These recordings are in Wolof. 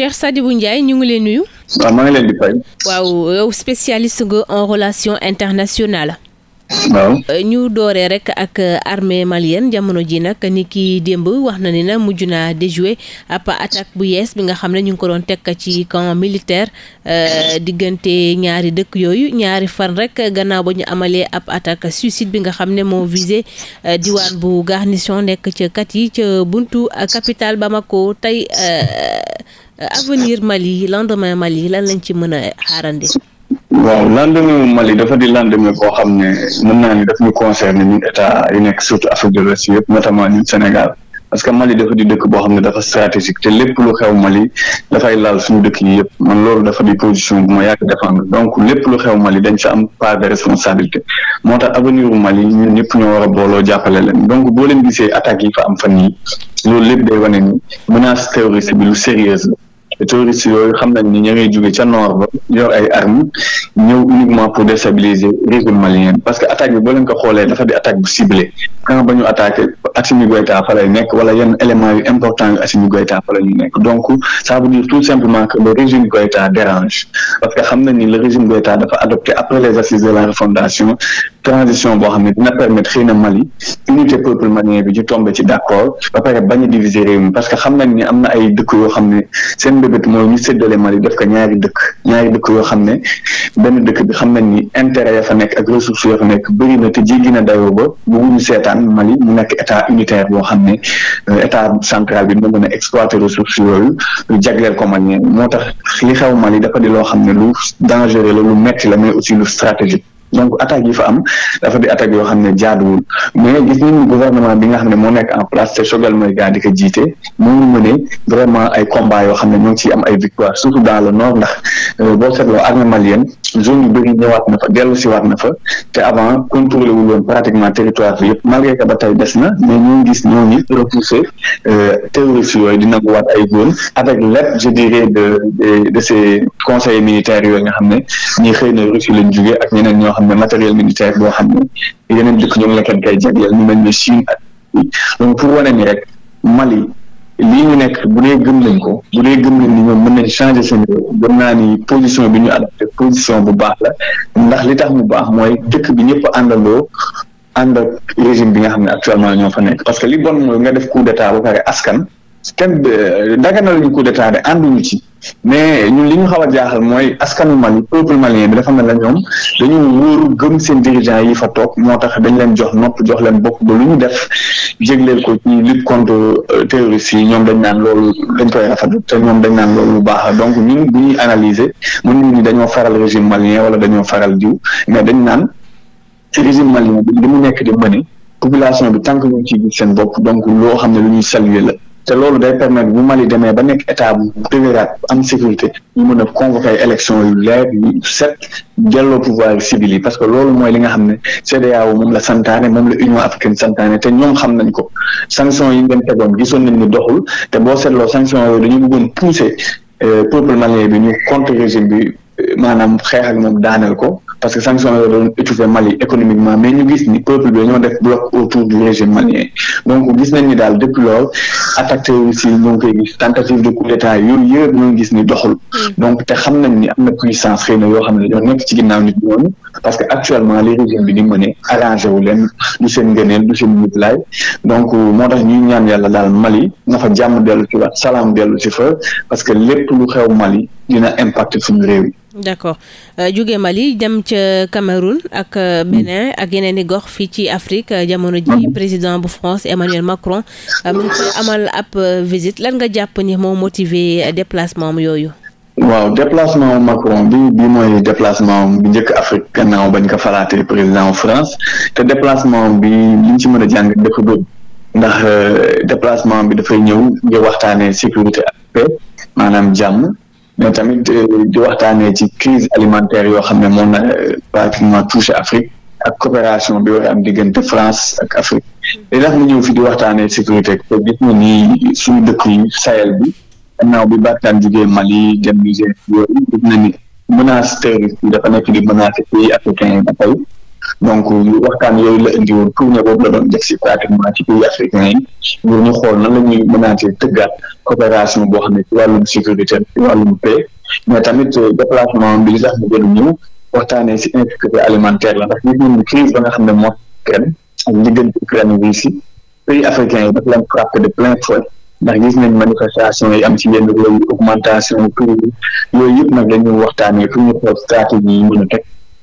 Cheikh Sadibou Ndiaye ñu ngi leen nuyu. waaw maa ngi leen di fay. waaw yow spécialiste nga en relation internationale. Euh, ñu dooree rek ak euh, armée malienne jamono ji nag ni ki démb wax na ni na mujj naa déjoué ab attaque bu yees bi nga xam ne ñu ngi ko doon tekk ci camp militaire euh, diggante ñaari dëkk yooyu ñaari fan rek gannaaw ba ñu amalee ab attaque suicide bi nga xam ne moo visé diwaan bu garnison nekk ca kat yi ca buntu capitale Bamako tey Euh, avenir Mali lendemain Mali lan lañ ci mën a xaarandi. waaw lendemain Mali dafa di lendemain boo xam ne mën naa ni daf ñu concerné ñun état yu nekk surtout Afrique de l'Ouest yëpp notamment ñun Sénégal parce que Mali dafa di dëkk boo xam ne dafa stratégique te lépp lu xew Mali dafay laal suñu dëkk yi yëpp man loolu dafa di position bu ma yàgg donc lépp lu xew Mali dañ sa am part de responsabilité moo tax avenir u Mali ñun ñëpp ñoo war a booloo jàppale leen donc boo leen gisee attaques yi fa am fan yi loolu lépp day wane ni menace terroriste bi lu sérieuse terroristes yooyu xam nañ ni ña ngay jóge ca nord ba yor ay armes ñëw uniquement pour déstabiliser régime malien parce que attaque bi boo leen ko xoolee dafa di attaque bu ciblée camp ba ñu a Assimi Goïta fa lay nekk wala yenn éléments yu important yu Assimi Goïta fa la nekk donc ça veut dire tout simplement que le régime Goïta dérange parce que xam nañ ni le régime Goïta dafa adopté après les assises de la refondation transition boo xam ne dina permettre xëy na Mali unité peuple malien bi ñu tombé ci d' ba pare bañ a parce que xam nañ ni am na ay dëkk yoo xam ne seen mbébét mooy ñu séddale Mali def ko Mali mu état unitaire boo xam ne euh, état central bi moo mën a exploiter ressources yooyu jagleel ko Mali moo tax li xew Mali dafa di loo xam ne lu dangereux la lu metti la mais aussi lu stratégique donc attaques yi fa am dafa di attaques yoo xam ne jaaduwul mais gis nañu gouvernement bi nga xam ne moo nekk en place te Choguel Maïga di ko jiite moo ngi mëne vraiment ay combats yoo xam ne ñoo ngi ciy am ay victoire surtout dans le nord ndax euh, boo seetloo armée malienne zone yu bëri ñëwaat na fa dellu si waat na fa te avant contrôlé wul woon pratiquement territoire bi yëpp malgré que ba tey des na mais ñoo gis ñoo ngi repoussé euh, terroristes yooyu di nanguwaat ay zone avec l'aide je dirais de de yooyu nga xam ne ñi xëy na Russie lañ jugee ak ñeneen ñoo xam ne matériel militaire boo xam ne yeneen dëkk ñoom la kenn koy jagleel ñu mel ne Chine ak donc pour wane ni rek Mali lii ñu nekk bu dee gëm nañ ko bu ne gëm nañ ni ñoom mën nañ changer seen réew gëm naa ni position bi ñu adopté position bu baax la ndax li tax mu baax mooy dëkk bi ñëpp àndandoo ànd ak régime bi nga xam ne actuellement ñoo fa nekk parce que li bon mooy nga def coup d'état ba pare askan kenn euh, dagana lañu coup d'état de ànduñu ci mais ñun li ñu xaw a jaaxal mooy askanu Mali peuple malien bi dafa mel ne ñoom dañu wóoru gën seen dirigeants yi fa toog moo tax dañ leen jox nopp jox leen bopp ba lu ñu def jégleel ko ci lutte contre euh, terroristes yi ñoom dañ naan loolu dañ koy rafetlu te ñoom dañ naan loolu lu baax donc ñun bu ñuy analyser mënuñu ni dañoo faral régime malien wala dañoo faral diw mais dañ naan ci régime malien bi mu nekk di mëne population bi tant que ñu ngi seen bopp donc loo xam ne lu ñuy saluer la. te loolu day permettre bu Mali demee ba nekk état bu dëgëraat am sécurité ñu mën a convoquer ay élection yu leer yu set delloo pouvoir civil yi parce que loolu mooy li nga xam ne CEDEAO moom la santaane moom la Union africaine santaane te ñoom xam nañ ko sanction yi ñu tegoon gisoon nañ ni doxul te boo seetloo sanction yooyu dañu bëggoon pousser euh, peuple malien bi ñu contre régime bi maanaam xeexal moom daaneel ko parce que sanction yooyu doon étouffer Mali économiquement mais ñu gis ni nañ ni daal depuis loolu attaque terroriste yi ñoo ngi koy gis tentative de coup d'état yooyu yëpp ñoo gis ni doxul mm. donc te xam nañ ni am na puissance xëy na yoo xam ne ñoo nekk ci ginnaaw nit ñooñu parce que actuellement li régime bi di mëne arrangé wu leen du seen ngëneel du seen nit donc moo tax ñuy ñaan yalla daal Mali na jàmm dellu ci waat salaam dellu ci fa parce que lépp lu xew Mali dina impacté suñu réew yi. d'accord euh, jóge Mali dem ca Cameroun ak euh, Bénin ak yeneen i gox fii ci Afrique euh, jamono ji mhm. président bu France Emmanuel Macron mu ngi amal ab visite lan nga jàpp ni moo motiver déplacement am yooyu. waaw déplacement Macron bi bi mooy déplacement bi njëkk Afrique gannaaw bañ ko falaatee président France te déplacement bi liñ ci mën a jàng dafa bëgg ndax déplacement bi dafay ñëw ngir waxtaanee sécurité ak paix maanaam jàmm. mais tamit euh, di waxtaanee ci crise alimentaire yoo xam ne moom na euh, pratiquement touché Afrique ak coopération bi war a am diggante France ak Afrique li tax mu ñëw fi di waxtaanee sécurité te gis nga ni suñu dëkk yi bi bi gannaaw bi Barkhane jugee Mali dem Niger yooyu gis na ni menace terroriste yi dafa nekk di menacer pays africain yi donc waxtaan yooyu la indi woon tournée boobu la doon def si pratiquement ci pays africain yi ngir ñu xool nan la ñuy mënaatee tëggaat coopération boo xam ne ci wàllum sécurité ci wàllum paix mais tamit euh, déplacement bi li tax mu gën a ñëw waxtaanee si insécurité alimentaire la ndax ñu ngi crise ba nga xam ne moo Ukraine ak diggante Ukraine bi si pays africain yi dafa leen frappé de plein fouet ndax gis nañ manifestation yi am ci yenn réew yi augmentation prix yi yooyu yëpp nag dañuy waxtaanee fu ñu xool yi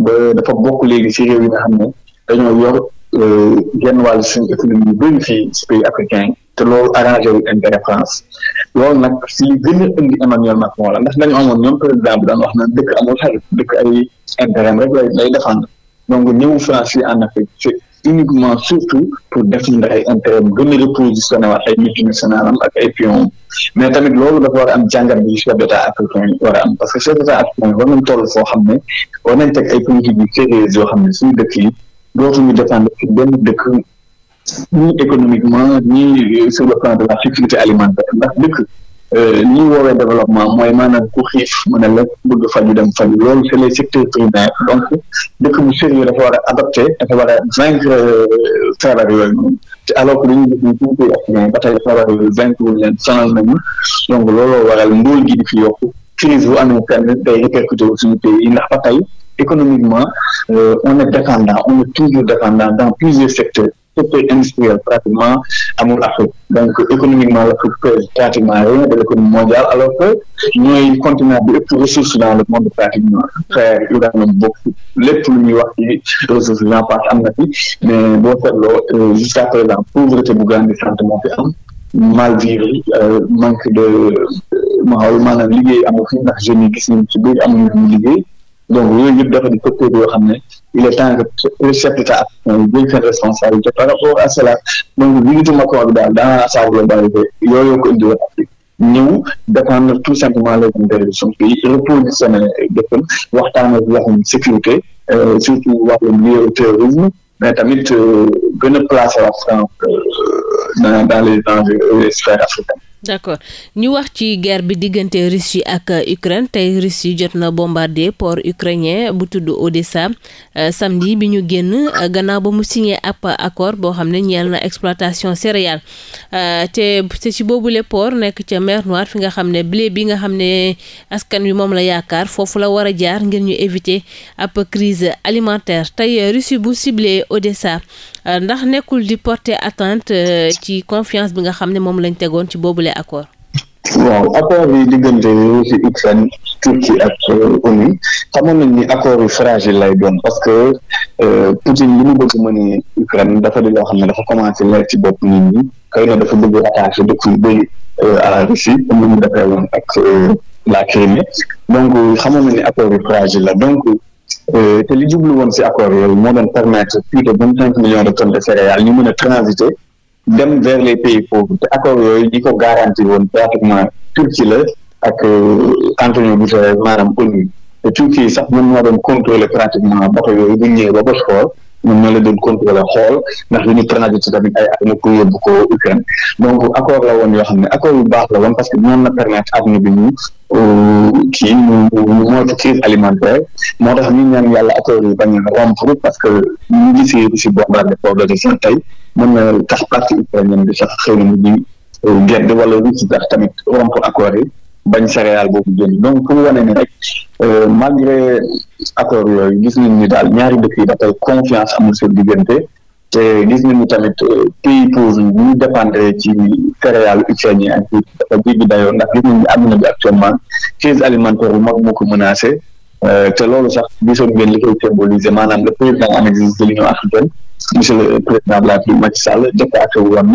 ba dafa bokk léegi ci réew yi nga xam ne dañoo yor euh, genn wàll suñu économie yu bëri fii ci pays africain te lool arrangé wu intérêt France loolu nag si li gën a indi Emmanuel Macron la ndax dañu amoon ñoom président bu wax na dëkk amul xarit dëkk ay intérêt rek lay lay défendre donc ñëwu France yi en Afrique uniquement surtout pour défendre ay intérêt gën a repositionné waat ay multinationales am ak ay pion mais tamit loolu dafa war am jàngat bi chef d'état africain yi parce que chef d'état africain war toll foo xam ne war nañ teg ay politique yu sérieuses yoo xam ne suñu dëkk yi dootuñu dépendre ci benn dëkk ni économiquement ni sur le plan de la sécurité alimentaire ndax dëkk Euh, li ñu woowee développement mooy maanaam ku xiif mu ne la bëgg faju dem faju loolu c'est les secteurs primaires donc dëkk bu sérieux dafa war a dafa war a vaincre euh, feebar yooyu noonu te alors que dañuy gis ni suñ koy accident ba tey feebar yooyu vaincre wuñ leen sonal nañu donc looloo waral ndóol gi di fi yokku crise bu amee fenn day répercuté wu suñu pays ndax ba tey économiquement euh, on est dépendant on est toujours dépendant dans plusieurs secteurs secteur industriel pratiquement amul Afrique donc économiquement l'Afrique pèse pratiquement rien de l'économie mondiale alors que ñooy continent bi ëpp ressources dans le monde pratiquement lépp lu ñuy wax ci ressources yi am na fi mais boo seetloo euh, jusqu'à présent pauvreté bu grandissante moo fi am mal vivre euh, manque de euh, maa maanaam liggéey amul fi ndax jeunes yi gis nañu ci biir amuñu liggéey donc yooyu yëpp dafa di secteur yoo xam ne il est temps que le chef d'État jël seen responsabilité par rapport à cela donc visite Macron bi daal dans sa globalité yooyu ko indi Afrique ñëw défendre tout simplement les intérêts de son pays repositionné dëppal waxtaan ak waxum sécurité euh, surtout wàllum lié au terrorisme mais tamit euh, gën a placer la France euh, dans dans les dans africaines d' accord ñu wax ci guerre bi diggante Russie ak euh, Ukraine tey Russie jot na bombardé port ukrainien bu tudd Odessa euh, samedi bi ñu génn euh, gannaaw ba mu signé ab accord boo xam ne ñeel na exploitation céréale te te ci boobule port nekk ca mer Noire fi nga xam ne blé bi nga xam ne askan wi moom la yaakaar foofu la war a jaar ngir ñu éviter ab crise alimentaire tey Russie bu sible ciblé Odessa ndax nekkul di porter atteinte ci confiance bi nga xam ne moom lañ tegoon ci boobule. accord waaw accord bi diggante si Ukraine Turquie ak euh, ONU xamoon nañ ni accord yu fragile lay doon parce que euh, Poutine li mu bëgg ma ni Ukraine dafa di loo xam ne dafa commencé leer ci bopp nit ñi xëy na dafa bëgg attaqué dëkk yu bëri euh, à la Russie ni mu defee woon ak la Crimée donc xamoon ni accord yu fragile la donc te li jublu woon si accord yooyu moo doon permettre plus de vingt cinq millions de tonnes de céréales ñu mën a transiter dem vers les pays pauvres te accord yooyu ñi ko garanti woon pratiquement Turquie la ak euh, Antonio Guterres maanaam ONU te Turquie sax mën moo doon contrôler pratiquement bato yooyu bu ñëwee ba Bosphore ñoom ñoo la doon contrôler xool ndax dañu transit ci tamit ay armes pour yóbbu ko Ukraine donc accord la woon yoo xam ne accord yu baax la woon parce que noonu la permettre adduna bi ñu euh, kii ñu alimentaire moo tax ñu ñaan yàlla accord yi bañ a rompre parce que ñu gisee si bombardé de de sax tey mën na tax partie ukrainienne bi sax xëy na mu euh, gerte wala lu ci tax tamit rompre accord yi bañ céréale boobu génn donc pour wane ne rek euh, malgré accord yooyu gis nañ ni daal ñaari dëkk yi ba tey confiance amul seen diggante te gis nañ ni tamit euh, pays pour yi ñu dépendre ci céréale ukrainien ak dafa jéggi dayoo ndax gis nañ ni àdduna bi actuellement crise alimentaire bu mag moo ko menacé euh, te loolu sax gisoon ngeen li koy symboliser maanaam le président en exercice de l'Union africaine monsieur président de la République Macky Sall woon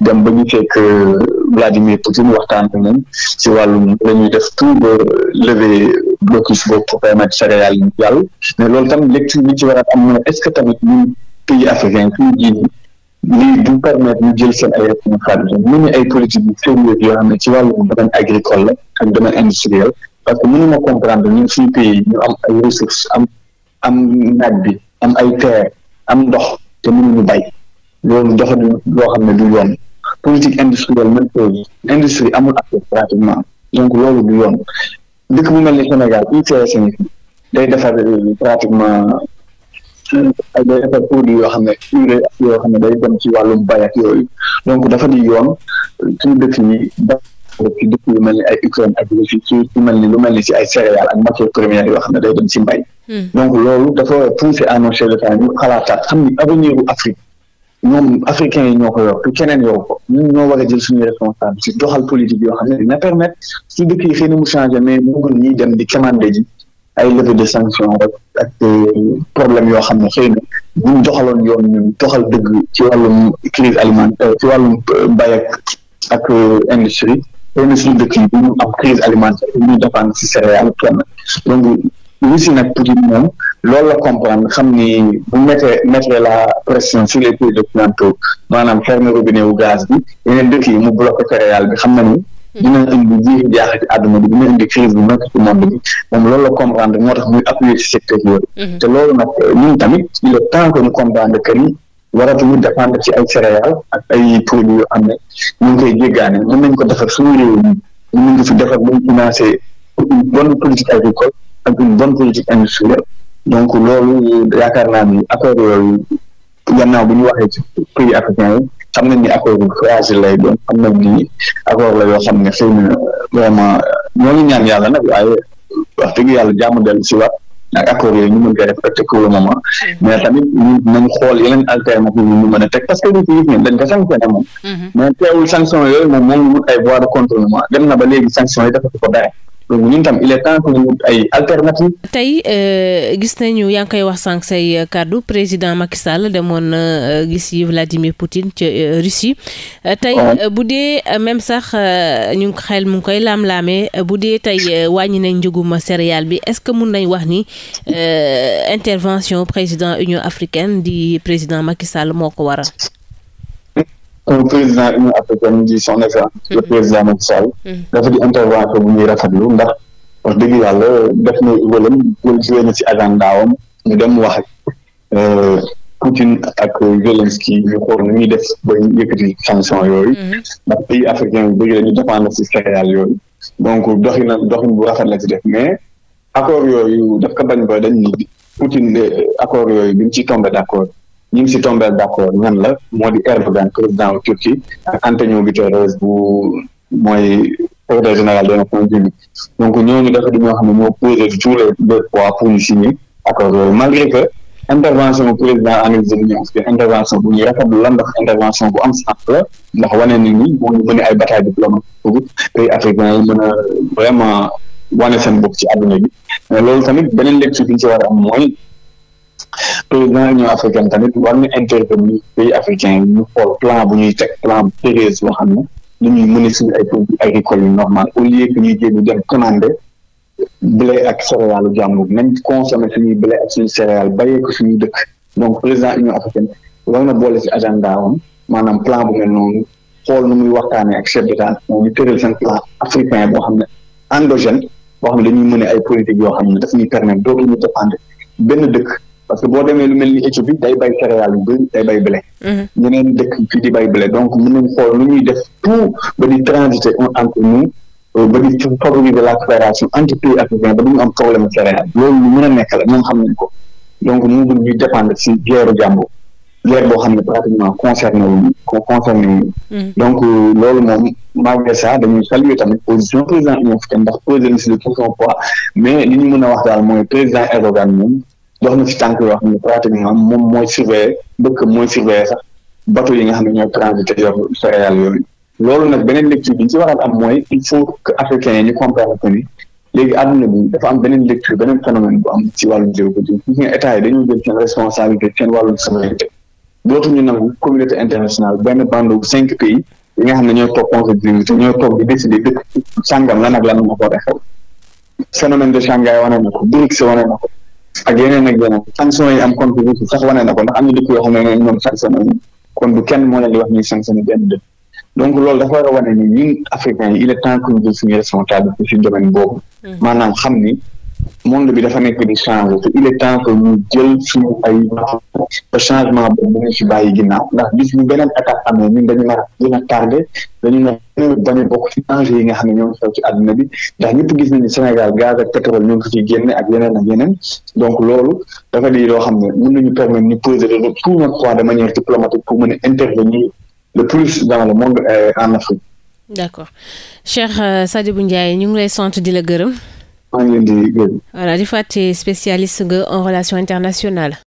na dem ba ñu fekk euh, Vladimir Poutine waxtaan ak moom ci wàllum la ñuy def tout ba lever blocus boobu pour permettre céréales yàlla jàll mais loolu tam lecture bi ci war a am mooy est-ce que tamit ñun pays africain suñu jiiñ lii ñu jël seen ay responsabilité mu ñu ay politique yu sérieux yoo xam ne ci wàllum domaine agricole la ak domaine industriel parce que mënuma comprendre ñun suñu pays ñu am ay ressources am am naaj bi am ay terre am ndox te mënuñu bay loolu doxalin loo xam ne du yoon politique industrielle même chose industrie amul accès pratiquement donc loolu du yoon dëkk bu mel ni Sénégal UCS ni day defar pratiquement ay euh, day defar produit yoo xam ne urée day dem ci wàllum bay donc dafa di yoon suñu dëkk yi da ci dëkk yu mel ni ay Ukraine ak Russie ci lu mel ni lu mel ni ci ay céréales ak matières premières yoo xam ne day dem ci mbay Hmm. donc loolu dafa poussé à nos chefs d'État ñu xalaataat xam ni avenir u Afrique ñoom africains yi ñoo ko yor du keneen ko ñun ñoo war a jël suñu responsable si doxal politique yoo xam ne dina permettre su dëkk yi xëy na mu changé mais bëggul ñuy dem di commandé ji ay levée de sanction rek ak problème yoo xam ne xëy na buñ doxaloon yoon ñu doxal dëgg ci wàllum crise alimentaire euh, ci wàllum euh, mbay ak ak euh, industrie dëkki na suñu ñu am crise alimentaire bu ñu dépendre ci céréales Russie nag Poutine moom loolu la comprendre xam ni bu mettee mettre la pression sur les pays occidentaux maanaam fermer robinet wu gaz bi yeneen dëkk yi mu bloqué céréale bi hmm. bu nekk ci monde bi moom loolu la comprendre moo tax muy appuyer ci secteur yooyu hmm. te loolu nag ñun tamit il est temps que ni ko defar suñu réew mi mën nañ ko fi defar ba ñu financer une agricole ak une bonne politique industrielle donc loolu yaakaar naa ni accord yooyu gannaaw bu ñu waxee ci pays africain yi xam nañ ni accord bu fragile lay doon xam nañ ni accord la yoo xam ne xëy na vraiment ñoo ngi ñaan yàlla nag waaye wax dëgg yàlla jàmm dellu si waat ak accord yooyu ñu mën koy respecté pour le moment mais tamit ñu nañ xool yeneen alternative yi ñu mën a teg parce que nit yi ñun dañ ko sanctionné moom mhm. mais teewul sanction yooyu moom moo ay voies de dem na ba léegi sanction yi dafa ko donc ñun tam il est ñu tey euh, yaa ngi koy wax sànq say kàddu président Macky Sall demoon na euh, gis yi Vladimir Poutine ca euh, Russie tey bu dee même sax ñu ngi xel mu ngi koy laam-laamee bu dee tey wàññi nañ njëguma céréale bi est-ce que mun nañ wax ni intervention président Union africaine di président Macky Sall moo ko waral un président union africaine di son exemple mm-hmm. le président Macky Sall mm-hmm. dafa di intervention bu ñuy rafetlu ndax wax dëgg yàlla def na wëlam wël joué na ci agendaawam ñu dem wax ak euh, Poutine ak Zelensky ñu xool nu ñuy def ba yëkkati sanction yooyu mm-hmm. ndax pays africain bu bëgg la ñu dépendre ci céréales yooyu donc doxina doxin bu rafet la ci def mais accord yooyu daf ko bañ ba dañ ni Poutine accord yooyu bi mu ci tombé d' accord ñu ngi si tombeel d' accord ñan la moo di Erdogan président wu Turquie ak Antonio Guterres bu mooy secrétaire général des Nations Unies donc ñooñu dafa di ñoo xam ne ñoo posé tous les les poids pour ñu signer accord malgré que intervention bu président analyse bi ñu am intervention bu ñuy rafetlu la ndax intervention bu am sens la ndax wane ni moo ñu mën ay bataille diplomatique pour pays africain yi mën vraiment wane seen bopp ci àdduna bi mais loolu tamit beneen lecture bi ñu ci war président union africaine tamit war na intervenir pays africain ñu xool plan bu ñuy teg plan sérieux boo xam ne lu ñuy mëne suñu ay produits agricoles yu normal au lieu que ñuy jéem dem commandé blé ak céréale jàmbur nañ consommé suñuy blé suñu céréale bàyyee ko suñu dëkk donc président union africaine na boole si agenda woon maanaam plan bu mel noonu xool nu muy waxtaanee ak chef d'état moom ñu tëral seen plan africain boo xam ne endogène boo xam ne dañuy mën ay politique yoo xam ne daf ñuy permettre dootuñu dépendre benn dëkk parce que boo demee lu mel ni Éthiopie day bay céréales yu bëri day bay blé. ñeneen mhm. dëkk fii di bay blé donc mën nañu xool lu ñuy def tout ba di transiter entre nous euh, ba di favoriser la coopération entre pays africains ba du ñu am problème céréales loolu lu a nekk la ñoom xam nañ ko donc ñu ngi ñuy dépendre si guerre jàmbur boo xam ne pratiquement concerné wu ñu mhm. donc euh, loolu moom malgré ça dañuy saluer tamit position président union africaine ndax na si le tout son poids mais li ñu mën a wax daal mooy président Erdogan dox na si tànk yoo xam moom mooy surveiller dëkk mooy surveiller sax bateau yi nga xam ne ñooy transiter yor céréales yooyu loolu nag beneen lecture bi ñu ci war a am mooy il faut que africains yi ñu comprendre a ni léegi àdduna bi dafa am beneen lecture beneen phénomène bu am ci wàllum géopolitique gis nga état yi dañuy jël seen responsabilité seen wàllum souveraineté dootuñu benn bande wu cinq pays xam ne ñooy toog conseil de sécurité ñooy toog di décider dëkk sàngam lan ak lan moo ko xew phénomène de Shanghai wane na ko BRICS wane na ko ak yeneen ak yeneen sanction yi am contribution sax wane ko ndax am na dëkk yoo xam ne ñoom sanctionné wu kon du kenn moo leen di donc loolu dafa war a ni ñun il est temps que ñu jël suñu responsabilité ci mm-hmm. xam ni monde bi dafa nekk di changer te il est temps que ñu jël suñu ay ba changement boobu ñu ci bàyyi ginnaaw ndax gis ñu beneen étape amee ñun dañu nar a gën a tardé dañu nar a bañ a bokk nga xam ne ñoo ci àdduna bi ndax ñëpp gis nañu Sénégal gaz ak pétrole ñoo ngi ciy génne ak yeneen ak yeneen loolu loo xam ne mën nañu ñu peser de tout notre poids de manière diplomatique pour mën a intervenir le plus dans le monde euh, en Afrique. Euh, ñu ngi lay sant di la gërëm. maa ngi voilà di fàtte spécialiste nga en relation internationale.